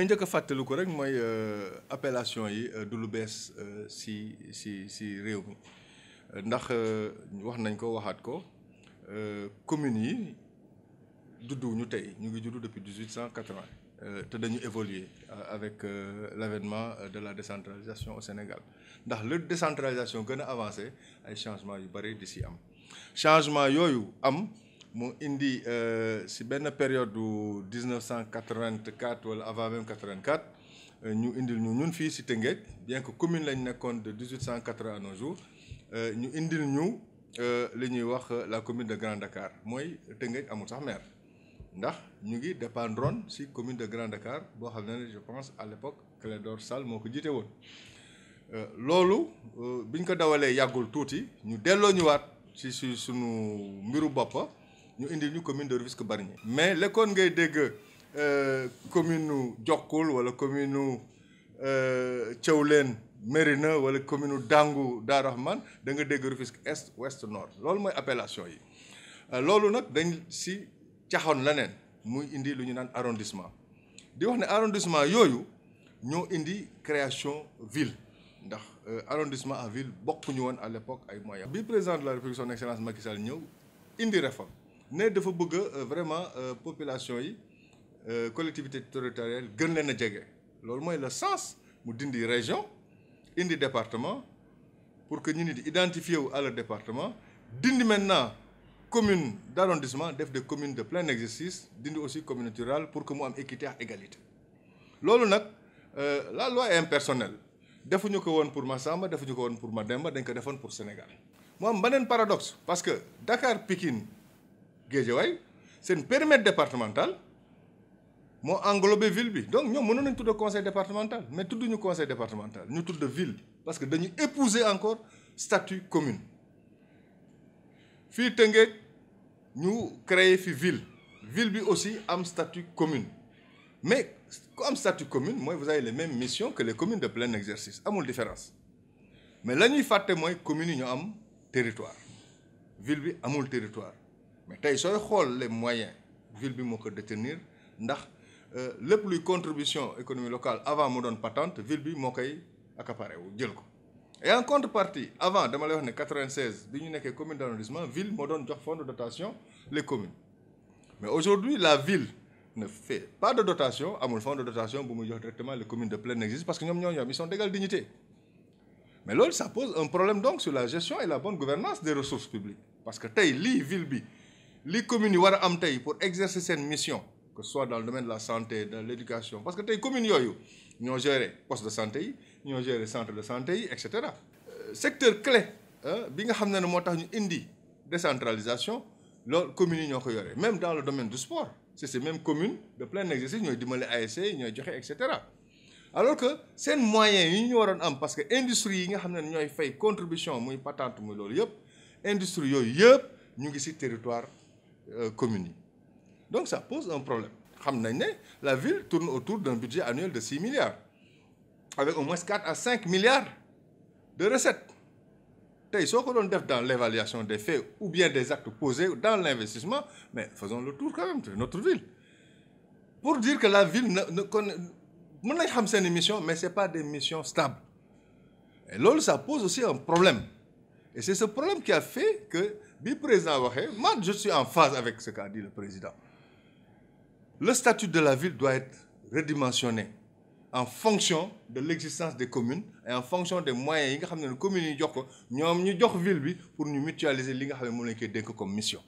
Je njëkk a rek mooy euh, appellation yi euh, euh, si si si réew mi ndax wax nañ ko communes depuis 1880 nous avons évolué avec l'avènement de la décentralisation au Sénégal La décentralisation a avancé ay changement a été fait si am changement yooyu am euh, si indi en période du 1984 ou avant même 84 euh, ñu indil ñu ñun fi ci bien que commune lañ de 1880 à nos jours euh, ñu indil ñu li ñuy wax la commune de Grand Dakar Nous amul sax maire ndax ñu ngi commune de Grand Dakar je pense à l'époque que Sall moko jité won nous biñ ko dawalé yagul ñu nous sunu mbiru ñu indi ñu commune de Rufisque barnier mais lekkoon ngay dégg euh, commune Djokoul, ou wala commune nu euh, Thiawlène Mérina wala commune nu Dangu Darahman da nga dégg Rufisque est ouest nord C'est mooy appellation yi euh, loolu nag dañ si caxoon leneen muy indi lu ñu naan arrondissement di wax ne arrondissement yooyu ñoo indi création ville ndax arrondissement en ville ñu won à l'époque ay moyens bi président de la république son excellence Macky Sall ñëw indi réforme ne dafa bëgg euh, vraiment euh, population yi euh, collectivité territoriale gën leen a jege loolu le sens mu dindi région indi département pour que ñu nit identifié wu à leur département dindi maintenant commune d'arrondissement def des communes de plein exercice dindi aussi commune pour que mu am équité et égalité loolu la loi est impersonnelle defuñu ko woon pour Massamba defuñu ko pour Mademba dañ ko defoon pour Sénégal mu am un paradoxe parce que Dakar Pikine c'est une périmètre départemental englobe englobé ville bi donc nous mënoon nañ de conseil départemental mais un conseil départemental ñu de ville parce que nous épouser encore statut commune Nous nous ñu créer fi ville ville bi aussi am statut commune mais comme statut commune moi vous avez les mêmes missions que les communes de plein exercice une différence mais la fait moi commune commune ñu am territoire ville bi un territoire mais si on les moyens ville bi moo détenir ndax euh, plus luy contribution économie locale avant la patente, patente ville bi été accaparée. accaparé wu et en contrepartie avant dama lay wax a 96 commune d'arrondissement, ville a jox fonds de dotation les communes mais aujourd'hui la ville ne fait pas de dotation amul fonds de dotation pour directement les communes de plein exercice parce que ont sont d'égale dignité mais là, ça pose un problème donc sur la gestion et la bonne gouvernance des ressources publiques parce que tey lii ville les communes ont am pour exercer cette mission que ce soit dans le domaine de la santé dans l'éducation, parce que les communes yoyu ñoo gérer poste de santé les ñoo centre de santé etc. Le euh, secteur clé hein, bi nga xamné motax ñu indi décentralisation les communes ont ñoo même dans le domaine du sport C'est ces mêmes communes de plein exercice ñooy dimbale ASC ñoy joxé alors que c'est moyens moyen ñu ont parce que l'industrie, yi nga une contribution muy patente muy loolu yëpp industrie ñu territoire. Euh, communes donc ça pose un problème la ville tourne autour d'un budget annuel de 6 milliards avec au moins 4 à 5 milliards de recettes Il que que l'on dans l'évaluation des faits ou bien des actes posés dans l'investissement mais faisons le tour quand même de notre ville pour dire que la ville ne connaît mën mission mais c'est pas des missions stables et là, ça pose aussi un problème et c'est ce problème qui a fait que le président moi je suis en phase avec ce qu'a dit le président le statut de la ville doit être redimensionné en fonction de l'existence des communes et en fonction des moyens que nga communes yi jox ko ville pour nous mutualiser les nga comme mission